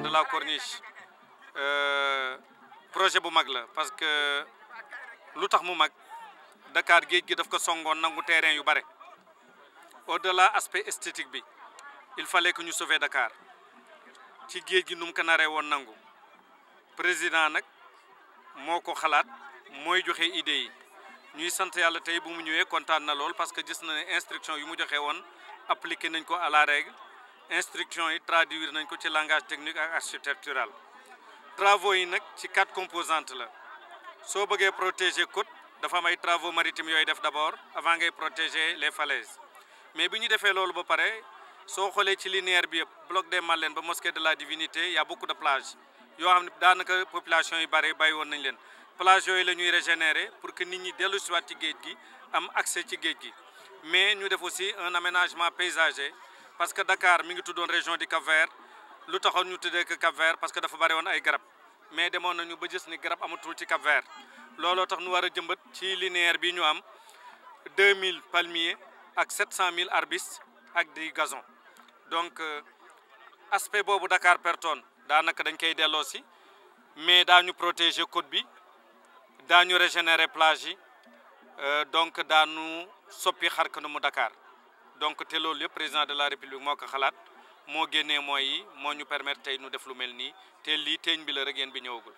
développement de la corniche euh, projet bu mag la parce que lu tax mu mag dakaar géej gi daf ko songoon nangu terrain yu bare au-delà aspect esthétique bi il fallait que ñu sauver Dakar ci géej gi nu mu ko naree woon nangu président nag moo ko xalaat mooy joxe idée yi ñuy sant yàlla tey bu mu ñëwee kontaan na lool parce que gis na ne instruction yu mu joxe woon appliqué nañ ko à la règle instruction yi traduire nañ ko ci langage technique ak architectural travaux yi nag ci quatre composante la soo bëggee protéger côte dafa am ay travaux yooyu def d'abord avant ngay protéger les falaises mais bi ñu defee loolu ba pare soo xoolee ci linéaire bi yëpp bloc des leen ba mosqué de la divinité y a beaucoup de plages yoo xam ne daanaka population yi bare bàyyi woon nañ leen plage yooyu la ñuy régénérer pour que nit ñi dellu siwaat ci géej gi am accès ci géej gi mais ñu def aussi un aménagement paysager parce que dakaar mi ngi tuddoon région di cap lu taxoon ñu tuddee ko Cap-Vert parce que dafa bari woon ay garab mais demoon nañu ba gis ni garab amatul ci Cap-Vert looloo tax nu war a jëmbat ci linéaire bi ñu am 2000 palmiers ak 700000 arbustes ak di gazon donc euh, aspect boobu Dakar pertoon daanaka dañ koy delloo si mais ñu protéger côte bi daañu régénérer plage yi euh, donc daanu soppi mu dakaar donc te loolu yëpp président de la république moo ko xalaat moo génne mooy yi moo ñu permettre tey ñu def lu mel nii te lii teeñ bi la rek bi ñëwagul